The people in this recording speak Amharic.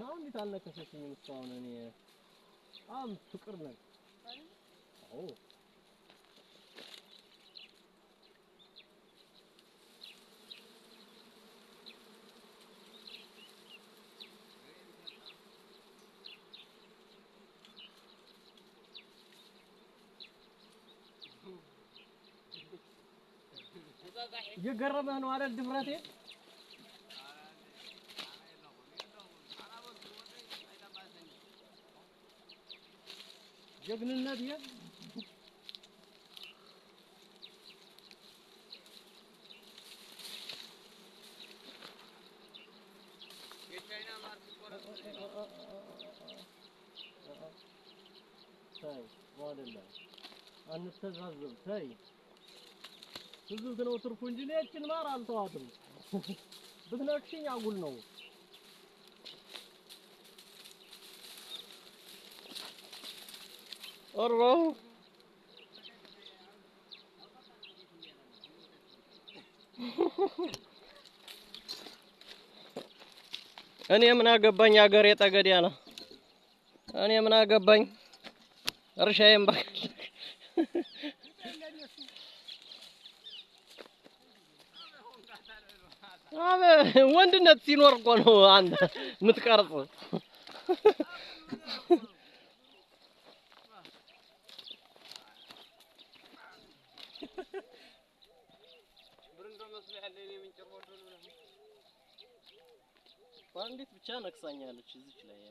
ሰው እንዴት አልነከሰችኝ? የምታውን እኔ በጣም ፍቅር ነኝ። አዎ የገረመህ ነው አይደል ድፍረቴ? Cebinin ne diye? Geçen var bu parası. Say, valilla. Annesi kızıldım, say. Kızıldın oturup kuncu ne etkin var altı adım. Bugün öksün ya gülün olur. Oro. እኔ ምን አገባኝ? ሀገሬ ጠገዴያ ነው። እኔ ምን አገባኝ? እርሻዬም በቃ ወንድነት ሲኖር እኮ ነው አንተ የምትቀርጽ። መስሎሃል። እኔ ምን ጭር ወርዶ ነው እንዴት ብቻ ነክሳኛለች እዚች ላይ